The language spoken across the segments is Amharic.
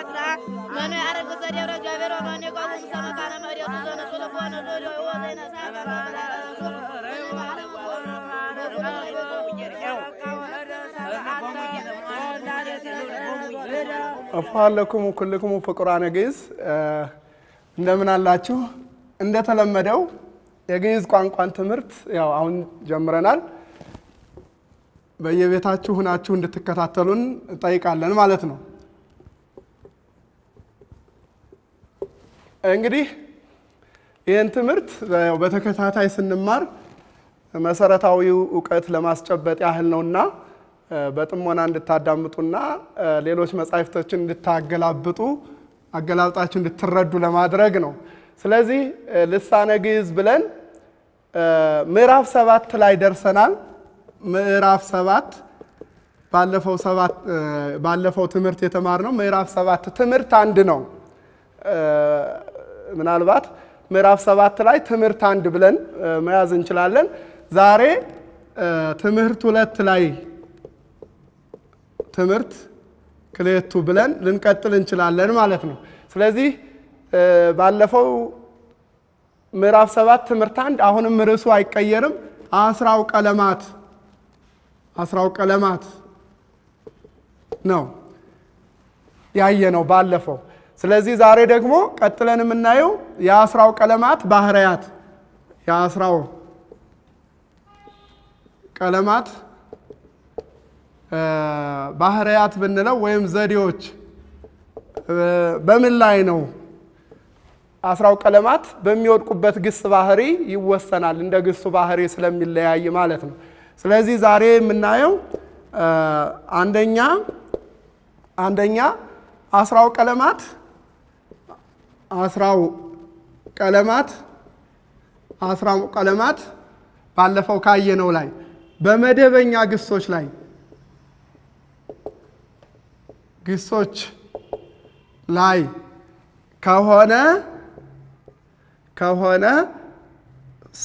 አስራ መኖ ያረገሰ ደብረ እግዚአብሔር ሰመካነ መሬቱ ዘሎ አፋለኩም ኩልኩም ፍቁራነ ግዕዝ እንደምን አላችሁ? እንደተለመደው የግዕዝ ቋንቋን ትምህርት ያው አሁን ጀምረናል። በየቤታችሁ ሁናችሁ እንድትከታተሉን እንጠይቃለን ማለት ነው። እንግዲህ ይህን ትምህርት በተከታታይ ስንማር መሰረታዊ እውቀት ለማስጨበጥ ያህል ነውና በጥሞና እንድታዳምጡና ሌሎች መጻሕፍቶችን እንድታገላብጡ አገላብጣችሁ እንድትረዱ ለማድረግ ነው። ስለዚህ ልሳነ ግዕዝ ብለን ምዕራፍ ሰባት ላይ ደርሰናል። ምዕራፍ ሰባት ባለፈው ትምህርት የተማርነው ምዕራፍ ሰባት ትምህርት አንድ ነው። ምናልባት ምዕራፍ ሰባት ላይ ትምህርት አንድ ብለን መያዝ እንችላለን። ዛሬ ትምህርት ሁለት ላይ ትምህርት ክሌቱ ብለን ልንቀጥል እንችላለን ማለት ነው። ስለዚህ ባለፈው ምዕራፍ ሰባት ትምህርት አንድ አሁንም ርዕሱ አይቀየርም። አስራው ቀለማት አስራው ቀለማት ነው ያየ ነው ባለፈው ስለዚህ ዛሬ ደግሞ ቀጥለን የምናየው የአስራው ቀለማት ባህርያት የአስራው ቀለማት ባህርያት ብንለው ወይም ዘዴዎች በምን ላይ ነው? አስራው ቀለማት በሚወድቁበት ግስ ባህሪ ይወሰናል። እንደ ግሱ ባህሪ ስለሚለያይ ማለት ነው። ስለዚህ ዛሬ የምናየው አንደኛ አንደኛ አስራው ቀለማት አስራው ቀለማት አስራው ቀለማት ባለፈው ካየነው ላይ በመደበኛ ግሶች ላይ ግሶች ላይ ከሆነ ከሆነ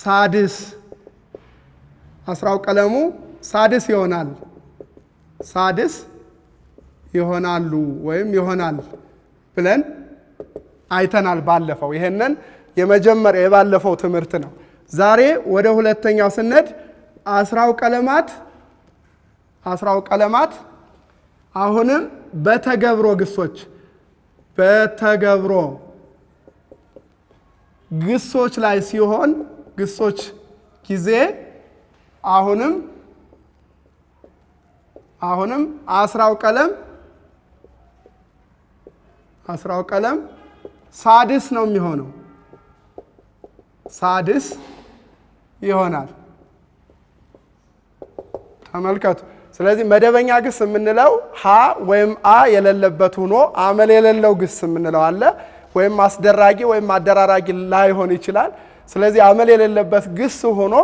ሳድስ አስራው ቀለሙ ሳድስ ይሆናል ሳድስ ይሆናሉ ወይም ይሆናል ብለን አይተናል ባለፈው። ይሄንን የመጀመሪያ የባለፈው ትምህርት ነው። ዛሬ ወደ ሁለተኛው ስነድ አስራው ቀለማት አስራው ቀለማት አሁንም በተገብሮ ግሶች በተገብሮ ግሶች ላይ ሲሆን ግሶች ጊዜ አሁንም አሁንም አስራው ቀለም አስራው ቀለም ሳድስ ነው የሚሆነው። ሳድስ ይሆናል። ተመልከቱ። ስለዚህ መደበኛ ግስ የምንለው ሀ ወይም አ የሌለበት ሆኖ አመል የሌለው ግስ የምንለው አለ። ወይም አስደራጊ ወይም አደራራጊ ላይሆን ይችላል። ስለዚህ አመል የሌለበት ግስ ሆኖ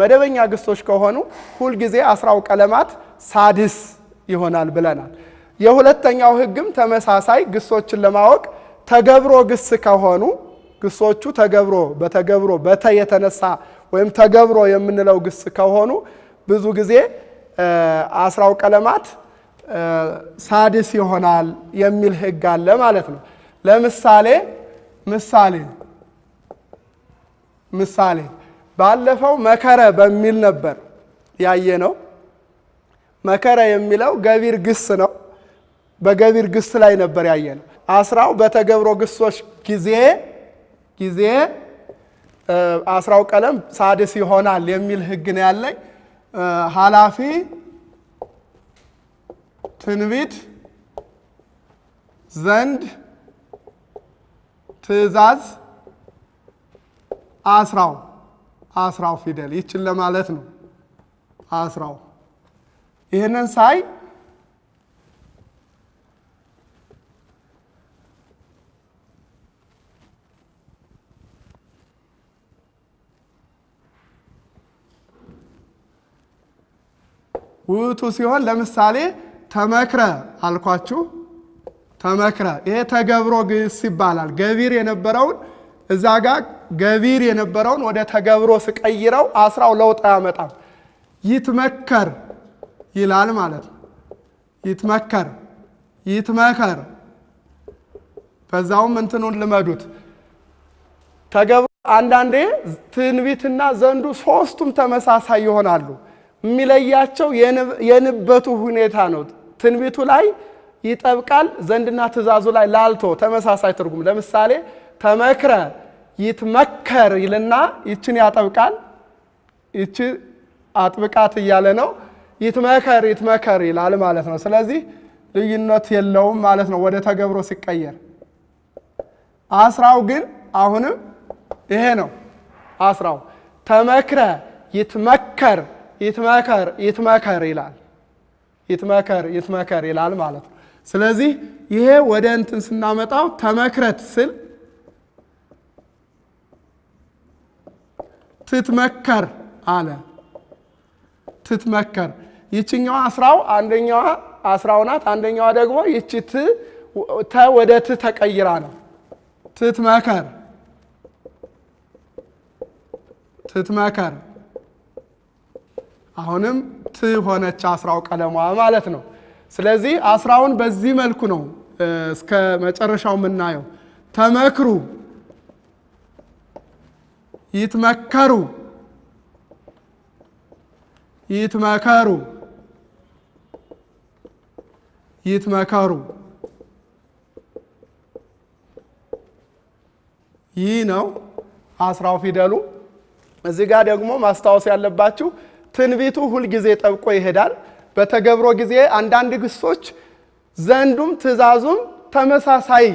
መደበኛ ግሶች ከሆኑ ሁልጊዜ አስራው ቀለማት ሳድስ ይሆናል ብለናል። የሁለተኛው ህግም ተመሳሳይ ግሶችን ለማወቅ ተገብሮ ግስ ከሆኑ ግሶቹ ተገብሮ በተገብሮ በተ የተነሳ ወይም ተገብሮ የምንለው ግስ ከሆኑ ብዙ ጊዜ አስራው ቀለማት ሳድስ ይሆናል የሚል ህግ አለ ማለት ነው። ለምሳሌ ምሳሌ ምሳሌ ባለፈው መከረ በሚል ነበር ያየ ነው። መከረ የሚለው ገቢር ግስ ነው። በገቢር ግስ ላይ ነበር ያየ ነው። አስራው በተገብሮ ግሶች ጊዜ ጊዜ አስራው ቀለም ሳድስ ይሆናል የሚል ህግ ነው ያለኝ። ኃላፊ ትንቢት ዘንድ ትእዛዝ አስራው አስራው ፊደል ይችን ለማለት ነው። አስራው ይህንን ሳይ ውእቱ ሲሆን ለምሳሌ ተመክረ አልኳችሁ። ተመክረ ይሄ ተገብሮ ግስ ይባላል። ገቢር የነበረውን እዛ ጋር ገቢር የነበረውን ወደ ተገብሮ ስቀይረው አስራው ለውጥ አያመጣም። ይትመከር ይላል ማለት ነው። ይትመከር ይትመከር። በዛውም እንትኑን ልመዱት ተገብሮ አንዳንዴ ትንቢትና ዘንዱ ሶስቱም ተመሳሳይ ይሆናሉ። የሚለያቸው የንበቱ ሁኔታ ነው። ትንቢቱ ላይ ይጠብቃል፣ ዘንድና ትእዛዙ ላይ ላልቶ ተመሳሳይ ትርጉም። ለምሳሌ ተመክረ ይትመከር ይልና ይችን ያጠብቃል፣ ይች አጥብቃት እያለ ነው። ይትመከር ይትመከር ይላል ማለት ነው። ስለዚህ ልዩነት የለውም ማለት ነው ወደ ተገብሮ ሲቀየር። አስራው ግን አሁንም ይሄ ነው። አስራው ተመክረ ይትመከር ይትመከር ይትመከር ይላል ይትመከር ይትመከር ይላል ማለት ነው። ስለዚህ ይሄ ወደ እንትን ስናመጣው ተመክረት ስል ትትመከር አለ ትትመከር ይችኛዋ አስራው አንደኛዋ አስራው ናት። አንደኛዋ ደግሞ ይቺ ት ወደ ት ተቀይራ ነው። ትትመከር ትትመከር አሁንም ት ሆነች አስራው ቀለሟ ማለት ነው። ስለዚህ አስራውን በዚህ መልኩ ነው እስከ መጨረሻው የምናየው። ተመክሩ ይትመከሩ ይትመከሩ ይትመከሩ ይህ ነው አስራው ፊደሉ። እዚህ ጋር ደግሞ ማስታወስ ያለባችሁ ትንቢቱ ሁልጊዜ ጠብቆ ይሄዳል። በተገብሮ ጊዜ አንዳንድ ግሶች ዘንዱም ትእዛዙም ተመሳሳይ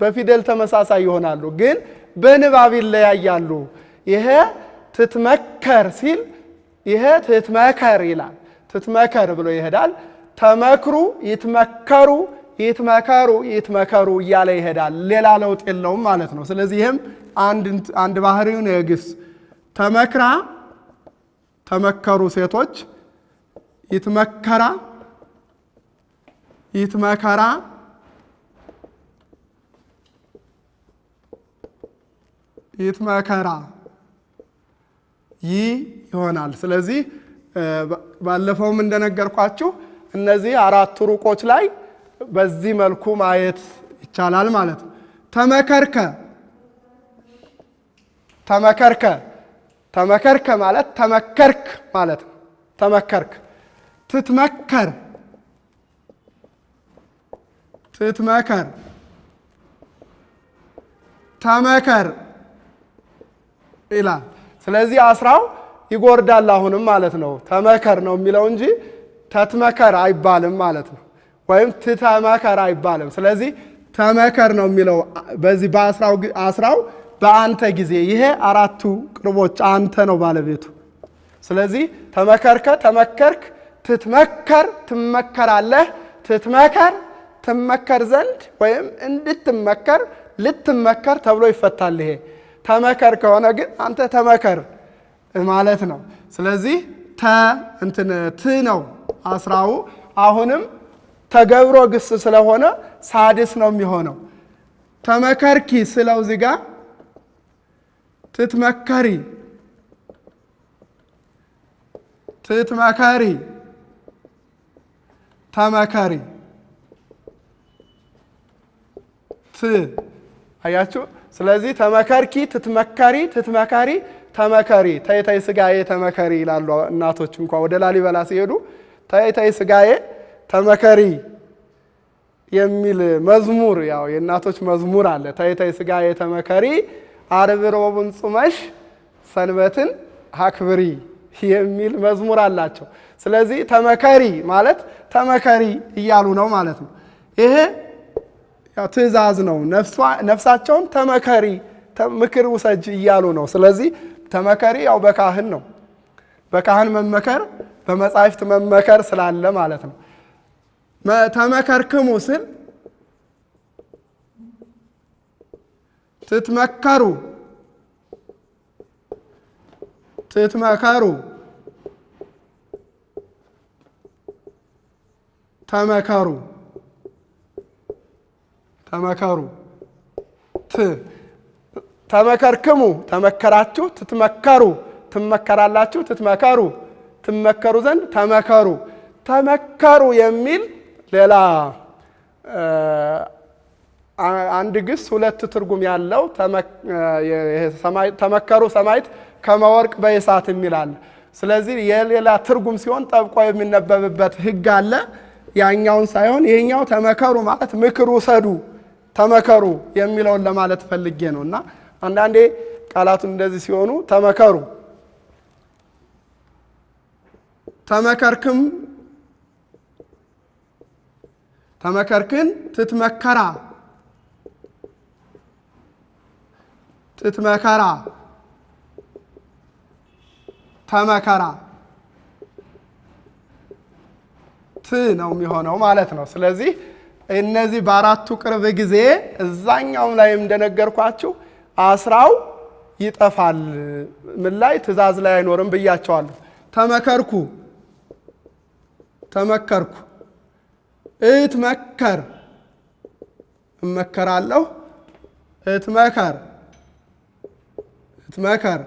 በፊደል ተመሳሳይ ይሆናሉ፣ ግን በንባብ ይለያያሉ። ይሄ ትትመከር ሲል ይሄ ትትመከር ይላል። ትትመከር ብሎ ይሄዳል። ተመክሩ፣ ይትመከሩ፣ ይትመከሩ፣ ይትመከሩ እያለ ይሄዳል። ሌላ ለውጥ የለውም ማለት ነው። ስለዚህ ይህም አንድ ባህሪውን የግስ ተመክራ ተመከሩ ሴቶች ይትመከራ ይትመከራ ይትመከራ ይህ ይሆናል። ስለዚህ ባለፈውም እንደነገርኳችሁ እነዚህ አራቱ ሩቆች ላይ በዚህ መልኩ ማየት ይቻላል ማለት ነው። ተመከርከ ተመከርከ ተመከርከ ማለት ተመከርክ ማለት ነው። ተመከርክ ትትመከር ትትመከር ተመከር ይላል። ስለዚህ አስራው ይጎርዳል አሁንም ማለት ነው። ተመከር ነው የሚለው እንጂ ተትመከር አይባልም ማለት ነው። ወይም ትተመከር አይባልም። ስለዚህ ተመከር ነው የሚለው በዚህ በአስራው በአንተ ጊዜ ይሄ አራቱ ቅርቦች አንተ ነው ባለቤቱ። ስለዚህ ተመከርከ ተመከርክ፣ ትትመከር ትመከራለህ፣ ትትመከር ትመከር ዘንድ ወይም እንድትመከር ልትመከር ተብሎ ይፈታል። ይሄ ተመከር ከሆነ ግን አንተ ተመከር ማለት ነው። ስለዚህ ተ እንትን ት ነው አስራው አሁንም ተገብሮ ግስ ስለሆነ ሳድስ ነው የሚሆነው። ተመከርኪ ስለው ዚጋ ትትመከሪ ትትመከሪ ተመካሪ ት አያችሁ። ስለዚህ ተመከርኪ፣ ትትመከሪ፣ ትትመከሪ፣ ተመከሪ። ተይተይ ስጋዬ ተመከሪ ይላሉ እናቶች እንኳ ወደ ላሊበላ ሲሄዱ ተይተይ ስጋዬ ተመከሪ የሚል መዝሙር ያው የእናቶች መዝሙር አለ። ተይተይ ስጋዬ ተመከሪ ዓርብ ሮቡን ሰንበትን አክብሪ የሚል መዝሙር አላቸው። ስለዚህ ተመከሪ ማለት ተመከሪ እያሉ ነው ማለት ነው። ይሄ ትዕዛዝ ነው። ነፍሳቸውን ተመከሪ ምክር ውሰጅ እያሉ ነው። ስለዚህ ተመከሪ ያው በካህን ነው። በካህን መመከር በመጻሕፍት መመከር ስላለ ማለት ነው። ተመከርክሙ ስል ትትመከሩ ትትመከሩ ተመከሩ ተመከሩ ት ተመከርክሙ ተመከራችሁ ትትመከሩ ትመከራላችሁ ትትመከሩ ትመከሩ ዘንድ ተመከሩ ተመከሩ የሚል ሌላ አንድ ግስ ሁለት ትርጉም ያለው ተመከሩ ሰማይት ከመወርቅ በእሳት የሚላል። ስለዚህ የሌላ ትርጉም ሲሆን ጠብቆ የሚነበብበት ህግ አለ። ያኛውን ሳይሆን ይህኛው ተመከሩ ማለት ምክር ውሰዱ፣ ተመከሩ የሚለውን ለማለት ፈልጌ ነው እና አንዳንዴ ቃላቱን እንደዚህ ሲሆኑ ተመከሩ ተመከርክም ተመከርክን ትትመከራ ጥት መከራ ተመከራ ት ነው የሚሆነው ማለት ነው። ስለዚህ እነዚህ በአራቱ ቅርብ ጊዜ እዛኛውም ላይ እንደነገርኳችሁ አስራው ይጠፋል። ምን ላይ ትእዛዝ ላይ አይኖርም ብያቸዋለሁ። ተመከርኩ ተመከርኩ እት መከር እመከራለሁ እት መከር እትመከር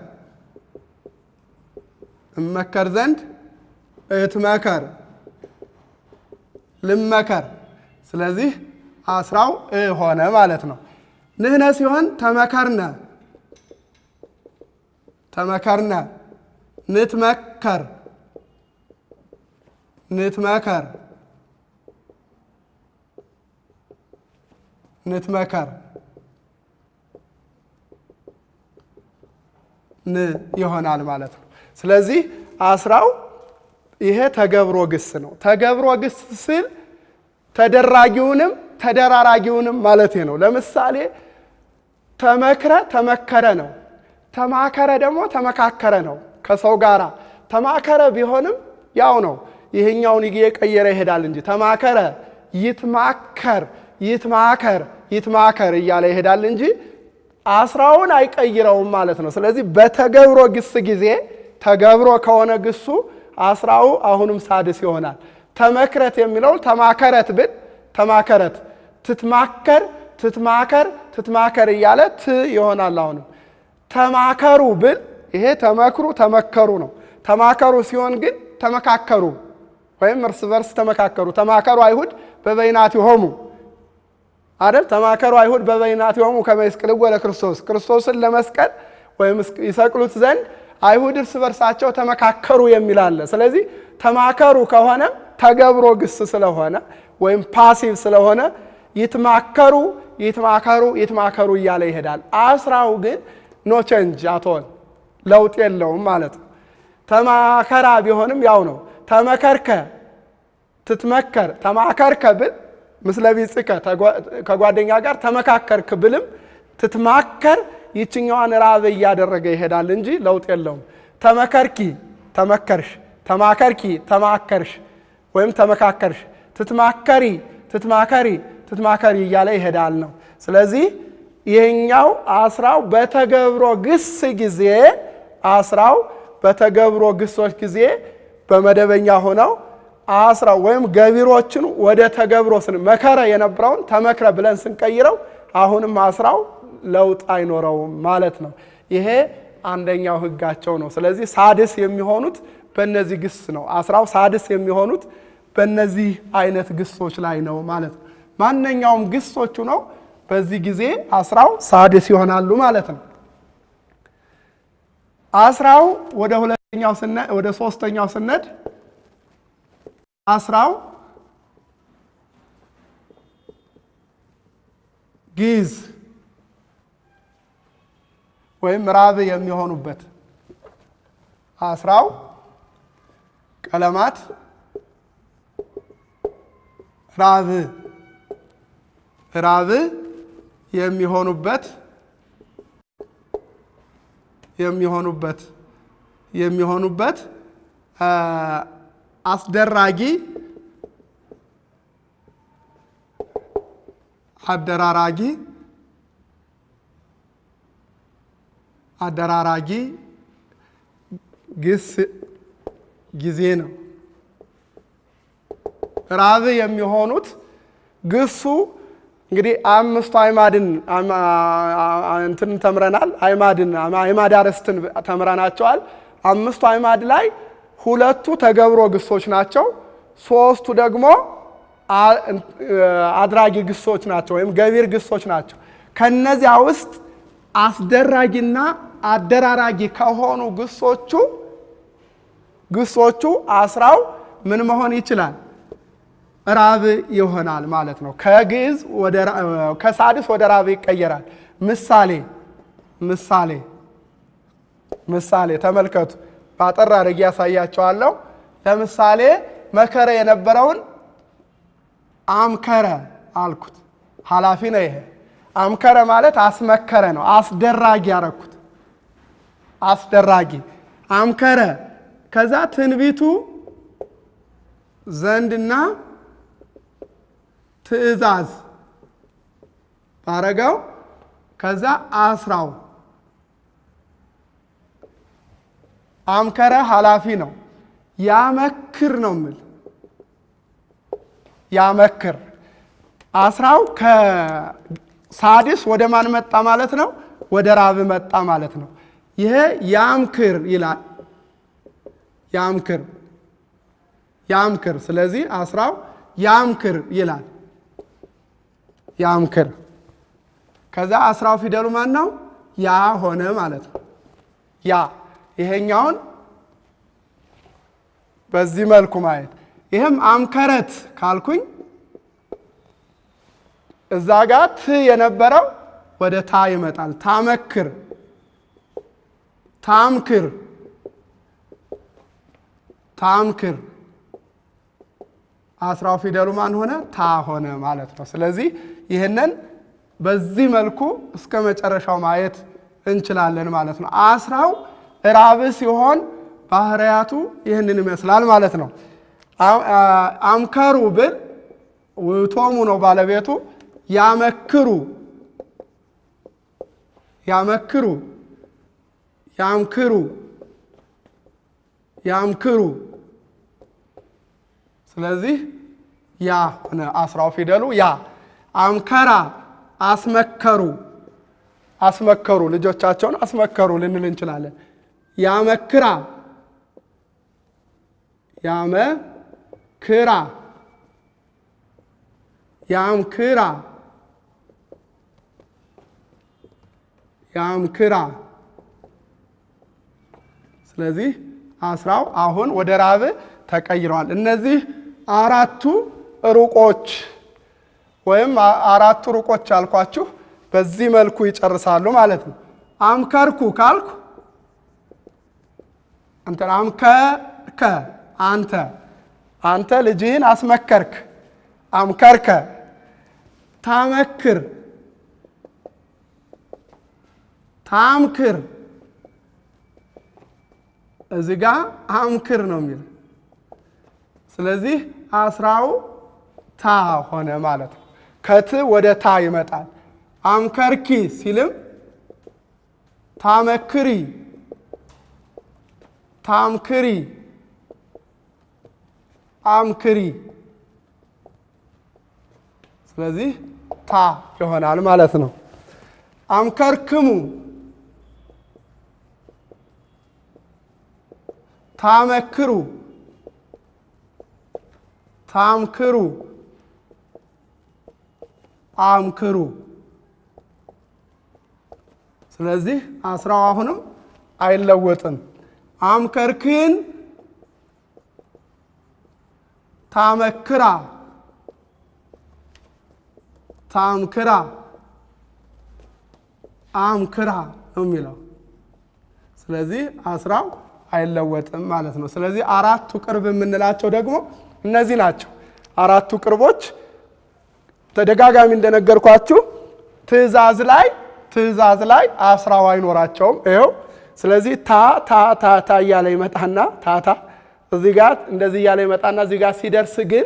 እመከር ዘንድ እትመከር ልመከር። ስለዚህ አስራው እ ሆነ ማለት ነው። ንህነ ሲሆን ተመከርነ ተመከርነ ንትመከር ንትመከር ንትመከር ን ይሆናል ማለት ነው። ስለዚህ አስራው ይሄ ተገብሮ ግስ ነው። ተገብሮ ግስ ስል ተደራጊውንም ተደራራጊውንም ማለት ነው። ለምሳሌ ተመክረ ተመከረ ነው። ተማከረ ደግሞ ተመካከረ ነው። ከሰው ጋራ ተማከረ ቢሆንም ያው ነው። ይህኛውን እየቀየረ ይሄዳል እንጂ ተማከረ፣ ይትማከር፣ ይትማከር፣ ይትማከር እያለ ይሄዳል እንጂ አስራውን አይቀይረውም ማለት ነው። ስለዚህ በተገብሮ ግስ ጊዜ ተገብሮ ከሆነ ግሱ አስራው አሁንም ሳድስ ይሆናል። ተመክረት የሚለው ተማከረት ብል ተማከረት፣ ትትማከር፣ ትትማከር፣ ትትማከር እያለ ት ይሆናል። አሁንም ተማከሩ ብል ይሄ ተመክሩ፣ ተመከሩ ነው። ተማከሩ ሲሆን ግን ተመካከሩ ወይም እርስ በርስ ተመካከሩ። ተማከሩ አይሁድ በበይናት በበይናቲሆሙ አይደል? ተማከሩ አይሁድ በበይናቲሆሙ ከመ ይስቅልዎ ለክርስቶስ። ክርስቶስን ለመስቀል ወይም ይሰቅሉት ዘንድ አይሁድ እርስ በርሳቸው ተመካከሩ የሚል አለ። ስለዚህ ተማከሩ ከሆነ ተገብሮ ግስ ስለሆነ ወይም ፓሲቭ ስለሆነ ይትማከሩ ይትማከሩ ይትማከሩ እያለ ይሄዳል። አስራው ግን ኖ ቼንጅ አትሆን ለውጥ የለውም ማለት ነው። ተማከራ ቢሆንም ያው ነው። ተመከርከ ትትመከር ተማከርከ ብል ምስለ ጽከ ከጓደኛ ጋር ተመካከርክ ብልም ትትማከር ይችኛዋን ራብ እያደረገ ይሄዳል እንጂ ለውጥ የለውም። ተመከርኪ ተመከርሽ፣ ተማከርኪ ተማከርሽ፣ ወይም ተመካከርሽ፣ ትትማከሪ ትትማከሪ ትትማከሪ እያለ ይሄዳል ነው። ስለዚህ ይህኛው አስራው በተገብሮ ግስ ጊዜ አስራው በተገብሮ ግሶች ጊዜ በመደበኛ ሆነው አስራው ወይም ገቢሮችን ወደ ተገብሮ ስን መከረ የነበረውን ተመክረ ብለን ስንቀይረው አሁንም አስራው ለውጥ አይኖረውም ማለት ነው። ይሄ አንደኛው ህጋቸው ነው። ስለዚህ ሳድስ የሚሆኑት በነዚህ ግስ ነው። አስራው ሳድስ የሚሆኑት በነዚህ አይነት ግሶች ላይ ነው ማለት ነው። ማንኛውም ግሶቹ ነው በዚህ ጊዜ አስራው ሳድስ ይሆናሉ ማለት ነው። አስራው ወደ ሁለተኛው ስነ ወደ ሶስተኛው ስነድ አስራው ግዕዝ ወይም ራብ የሚሆኑበት አስራው ቀለማት ራብ ራብ የሚሆኑበት የሚሆኑበት የሚሆኑበት አስደራጊ አደራራጊ አደራራጊ ግስ ጊዜ ነው። ራብ የሚሆኑት ግሱ እንግዲህ አምስቱ አይማድን እንትን ተምረናል። አይማድን አይማድ አርዕስትን ተምረናቸዋል። አምስቱ አይማድ ላይ ሁለቱ ተገብሮ ግሶች ናቸው። ሶስቱ ደግሞ አድራጊ ግሶች ናቸው ወይም ገቢር ግሶች ናቸው። ከነዚያ ውስጥ አስደራጊና አደራራጊ ከሆኑ ግሶቹ ግሶቹ አስራው ምን መሆን ይችላል? ራብ ይሆናል ማለት ነው። ከግዕዝ ከሳድስ ወደ ራብ ይቀየራል። ምሳሌ ምሳሌ ምሳሌ ተመልከቱ ባጠር አድርጌ ያሳያቸዋለሁ። ለምሳሌ መከረ የነበረውን አምከረ አልኩት። ኃላፊ ነው ይሄ። አምከረ ማለት አስመከረ ነው። አስደራጊ አረኩት። አስደራጊ አምከረ። ከዛ ትንቢቱ ዘንድና ትእዛዝ ባረገው ከዛ አስራው አምከረ ኃላፊ ነው። ያመክር ነው ምል ያመክር አስራው ከሳዲስ ወደ ማን መጣ ማለት ነው? ወደ ራብ መጣ ማለት ነው። ይሄ ያምክር ይላል። ያምክር ያምክር። ስለዚህ አስራው ያምክር ይላል። ያምክር ከዛ አስራው ፊደሉ ማን ነው? ያ ሆነ ማለት ነው። ያ ይሄኛውን በዚህ መልኩ ማየት ይህም አምከረት ካልኩኝ እዛ ጋር ት የነበረው ወደ ታ ይመጣል። ታመክር፣ ታምክር፣ ታምክር አስራው ፊደሉ ማን ሆነ? ታ ሆነ ማለት ነው። ስለዚህ ይህንን በዚህ መልኩ እስከ መጨረሻው ማየት እንችላለን ማለት ነው። አስራው ራብ ሲሆን ባህርያቱ ይህንን ይመስላል ማለት ነው። አምከሩ ብል ውቶሙ ነው ባለቤቱ። ያመክሩ ያመክሩ ያምክሩ ያምክሩ። ስለዚህ ያ ሆነ አስራው ፊደሉ ያ። አምከራ አስመከሩ አስመከሩ ልጆቻቸውን አስመከሩ ልንል እንችላለን። ያመክራ ያመክራ ያምክራ ያምክራ። ስለዚህ አስራው አሁን ወደ ራብ ተቀይረዋል። እነዚህ አራቱ ሩቆች ወይም አራቱ ሩቆች አልኳችሁ በዚህ መልኩ ይጨርሳሉ ማለት ነው። አምከርኩ ካልኩ አንተ አሁን ከ ከ አንተ አንተ ልጅህን አስመከርክ አምከርከ ታመክር ታምክር እዚህ ጋ አምክር ነው የሚል ስለዚህ አስራው ታ ሆነ ማለት ነው። ከት ወደ ታ ይመጣል። አምከርኪ ሲልም ታመክሪ ታምክሪ አምክሪ ስለዚህ ታ ይሆናል ማለት ነው። አምከርክሙ ታመክሩ ታምክሩ አምክሩ ስለዚህ አስራው አሁንም አይለወጥም። አምከርክን ታመክራ ታምክራ አምክራ ነው የሚለው። ስለዚህ አስራው አይለወጥም ማለት ነው። ስለዚህ አራቱ ቅርብ የምንላቸው ደግሞ እነዚህ ናቸው። አራቱ ቅርቦች ተደጋጋሚ እንደነገርኳችሁ ትዕዛዝ ላይ ትዕዛዝ ላይ አስራው አይኖራቸውም። ይኸው ስለዚህ ታ ታ ታ ታ እያለ ይመጣና ታታ እዚህ ጋር እንደዚህ እያለ ይመጣና እዚህ ጋር ሲደርስ ግን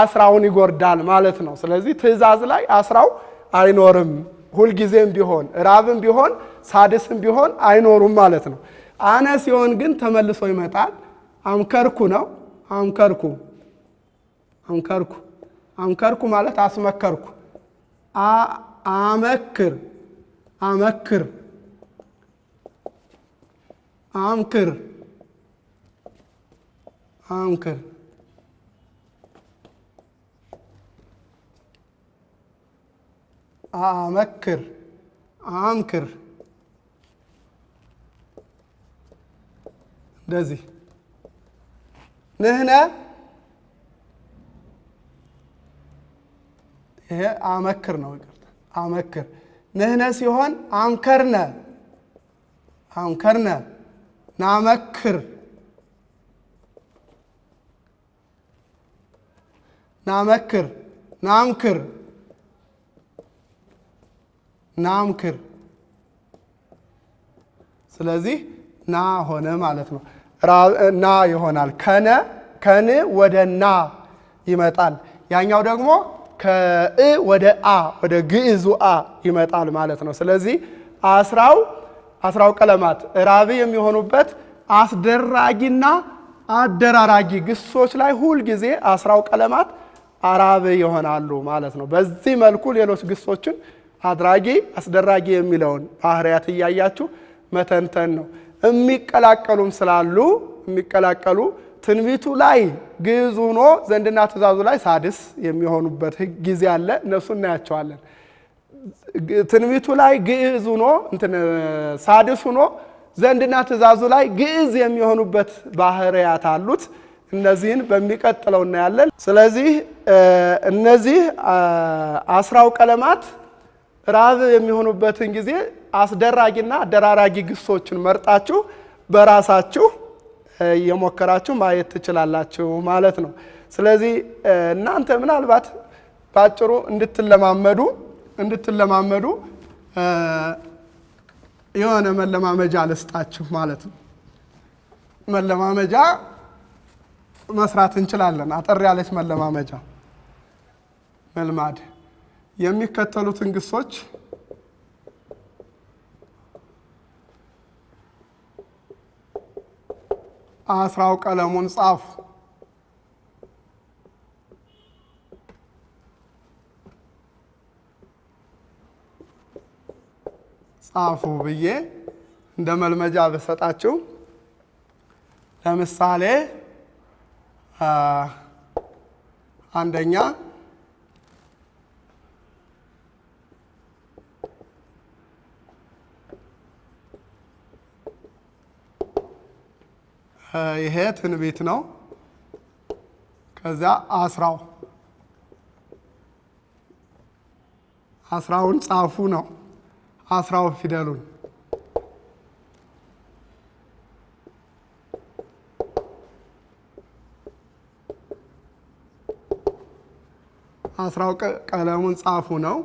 አስራውን ይጎርዳል ማለት ነው። ስለዚህ ትእዛዝ ላይ አስራው አይኖርም። ሁልጊዜም ቢሆን ራብም ቢሆን ሳድስም ቢሆን አይኖሩም ማለት ነው። አነ ሲሆን ግን ተመልሶ ይመጣል። አምከርኩ ነው። አምከርኩ አምከርኩ አምከርኩ ማለት አስመከርኩ፣ አመክር አመክር አምክር አምክር አመክር አምክር እንደዚህ ንህነ ይሄ አመክር ነው። ይቅርታ አመክር ንህነ ሲሆን አምከርነ አምከርነ ናመክር ናመክር ናምክር ናምክር ስለዚህ ና ሆነ ማለት ነው። ና ይሆናል። ከነ ከን ወደ ና ይመጣል። ያኛው ደግሞ ከእ ወደ አ ወደ ግዕዙ አ ይመጣል ማለት ነው። ስለዚህ አስራው አስራው ቀለማት ራቢ የሚሆኑበት አስደራጊና አደራራጊ ግሶች ላይ ሁልጊዜ አስራው ቀለማት አራብ ይሆናሉ ማለት ነው። በዚህ መልኩ ሌሎች ግሶችን አድራጊ አስደራጊ የሚለውን ባህሪያት እያያችሁ መተንተን ነው። የሚቀላቀሉም ስላሉ የሚቀላቀሉ ትንቢቱ ላይ ግዕዝ ሆኖ ዘንድና ትእዛዙ ላይ ሳድስ የሚሆኑበት ጊዜ አለ። እነሱ እናያቸዋለን። ትንቢቱ ላይ ግዕዝ ሆኖ ሳድስ ሆኖ ዘንድና ትእዛዙ ላይ ግዕዝ የሚሆኑበት ባህርያት አሉት። እነዚህን በሚቀጥለው እናያለን። ስለዚህ እነዚህ አስራው ቀለማት ራብ የሚሆኑበትን ጊዜ አስደራጊና አደራራጊ ግሶችን መርጣችሁ በራሳችሁ እየሞከራችሁ ማየት ትችላላችሁ ማለት ነው። ስለዚህ እናንተ ምናልባት በአጭሩ እንድትለማመዱ እንድትለማመዱ የሆነ መለማመጃ ልስጣችሁ ማለት ነው። መለማመጃ መስራት እንችላለን። አጠር ያለች መለማመጃ መልማድ የሚከተሉትን ግሶች አስራው ቀለሙን ጻፉ። ጻፉ ብዬ እንደ መልመጃ ብሰጣችሁ ለምሳሌ አንደኛ ይሄ ትንቢት ነው። ከዚያ አስራው አስራውን ጻፉ ነው። አስራው ፊደሉን አስራው ቀለሙን ጻፉ ነው።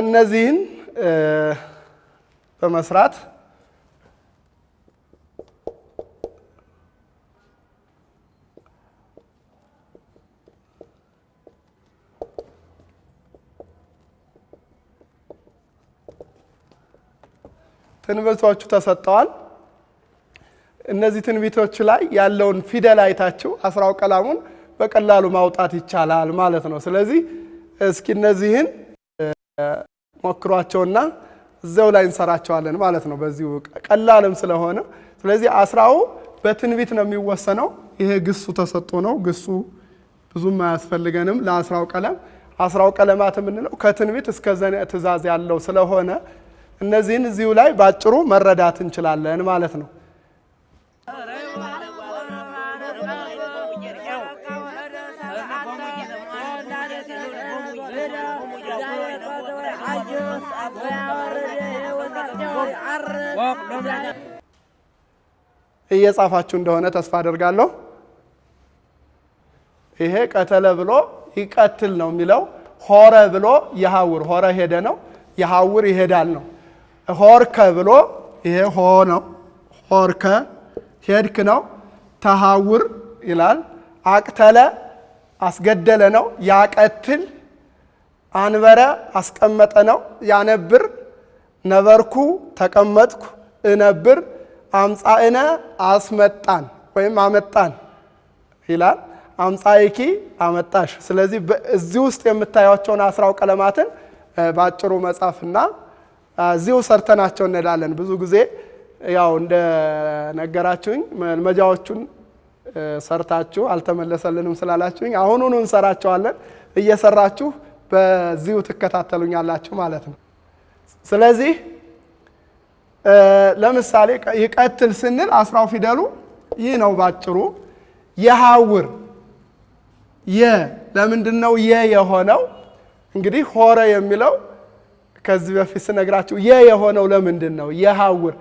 እነዚህን በመስራት ትንብርቶቹ ተሰጥተዋል። እነዚህ ትንቢቶች ላይ ያለውን ፊደል አይታችሁ አስራው ቀላሙን በቀላሉ ማውጣት ይቻላል ማለት ነው። ስለዚህ እስኪ እነዚህን ሞክሯቸውና እዚያው ላይ እንሰራቸዋለን ማለት ነው። በዚሁ ቀላልም ስለሆነ ስለዚህ አስራው በትንቢት ነው የሚወሰነው። ይሄ ግሱ ተሰጥቶ ነው። ግሱ ብዙም አያስፈልገንም ለአስራው ቀለም። አስራው ቀለማት የምንለው ከትንቢት እስከ ዘኔ ትእዛዝ ያለው ስለሆነ እነዚህን እዚሁ ላይ ባጭሩ መረዳት እንችላለን ማለት ነው። እየጻፋችሁ እንደሆነ ተስፋ አደርጋለሁ። ይሄ ቀተለ ብሎ ይቀትል ነው የሚለው። ሆረ ብሎ የሐውር ሆረ ሄደ ነው። የሐውር ይሄዳል ነው። ሆርከ ብሎ ይሄ ሆ ነው። ሆርከ ሄድክ ነው። ተሐውር ይላል። አቅተለ አስገደለ ነው። ያቀትል አንበረ አስቀመጠ ነው። ያነብር ነበርኩ ተቀመጥኩ እነብር አምፃእነ አስመጣን ወይም አመጣን ይላል። አምፃይኪ አመጣሽ። ስለዚህ እዚህ ውስጥ የምታዩቸውን አስራው ቀለማትን በአጭሩ መጻፍና እዚሁ ሰርተናቸው እንሄዳለን። ብዙ ጊዜ ያው እንደ ነገራችሁኝ መልመጃዎቹን ሰርታችሁ አልተመለሰልንም ስላላችሁኝ አሁኑኑ እንሰራቸዋለን። እየሰራችሁ በዚሁ ትከታተሉኛላችሁ ማለት ነው። ስለዚህ ለምሳሌ ይቀትል ስንል አስራው ፊደሉ ይህ ነው ባጭሩ። የሐውር የ ለምንድን ነው የ የሆነው? እንግዲህ ሆረ የሚለው ከዚህ በፊት ስነግራችሁ የ የሆነው ለምንድን ነው? የሐውር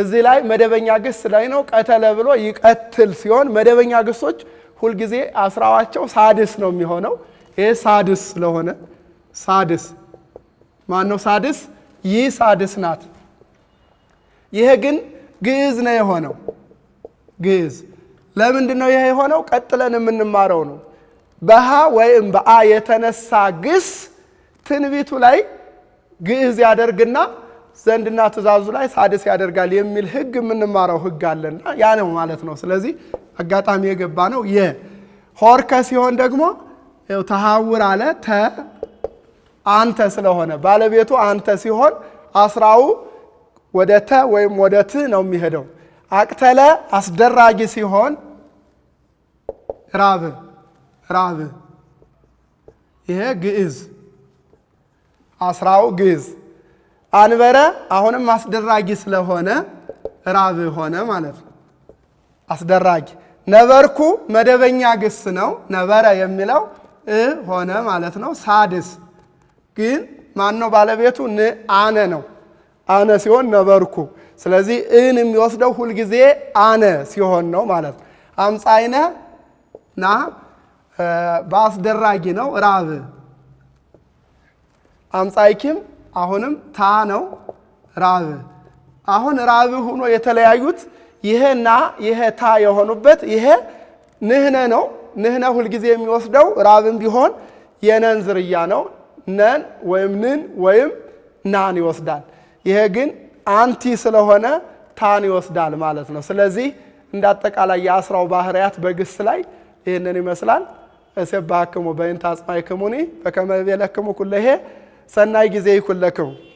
እዚህ ላይ መደበኛ ግስ ላይ ነው። ቀተለ ብሎ ይቀትል ሲሆን መደበኛ ግሶች ሁልጊዜ አስራዋቸው ሳድስ ነው የሚሆነው። ይህ ሳድስ ስለሆነ ሳድስ ማን ነው? ሳድስ ይህ ሳድስ ናት። ይሄ ግን ግዕዝ ነው የሆነው። ግዕዝ ለምንድን ነው ይሄ የሆነው? ቀጥለን የምንማረው ነው። በሃ ወይም በአ የተነሳ ግስ ትንቢቱ ላይ ግዕዝ ያደርግና ዘንድና ትእዛዙ ላይ ሳድስ ያደርጋል የሚል ህግ የምንማረው ህግ አለና ያ ነው ማለት ነው። ስለዚህ አጋጣሚ የገባ ነው። የሆርከ ሲሆን ደግሞ ተሐውር አለ ተ አንተ ስለሆነ ባለቤቱ አንተ ሲሆን አስራው ወደ ተ ወይም ወደ ት ነው የሚሄደው። አቅተለ አስደራጊ ሲሆን ራብ ራብ። ይሄ ግዕዝ አስራው ግዕዝ። አንበረ አሁንም አስደራጊ ስለሆነ ራብ ሆነ ማለት ነው። አስደራጊ ነበርኩ መደበኛ ግስ ነው። ነበረ የሚለው እ ሆነ ማለት ነው። ሳድስ ግን ማን ነው ባለቤቱ? አነ ነው። አነ ሲሆን ነበርኩ። ስለዚህ እን የሚወስደው ሁልጊዜ አነ ሲሆን ነው ማለት ነው። አምፃይነ ና በአስደራጊ ነው ራብ አምፃይኪም አሁንም ታ ነው ራብ። አሁን ራብ ሆኖ የተለያዩት ይሄ ና ይሄ ታ የሆኑበት ይሄ ንህነ ነው። ንህነ ሁልጊዜ የሚወስደው ራብም ቢሆን የነን ዝርያ ነው። ነን ወይም ንን ወይም ናን ይወስዳል። ይሄ ግን አንቲ ስለሆነ ታን ይወስዳል ማለት ነው። ስለዚህ እንዳጠቃላይ የአስራው ባህርያት በግስ ላይ ይህንን ይመስላል። እሴብሐክሙ በእንተ አጽማዕክሙኒ በከመ በከመቤለክሙ ኩለሄ ሰናይ ጊዜ ይኩለክሙ